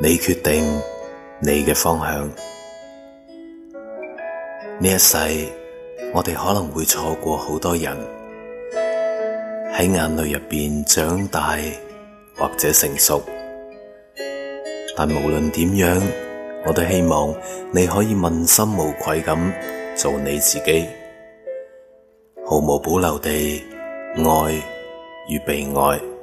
你決定你嘅方向。呢一世，我哋可能會錯過好多人，喺眼淚入邊長大或者成熟。但無論點樣，我都希望你可以問心無愧咁做你自己，毫無保留地愛與被愛。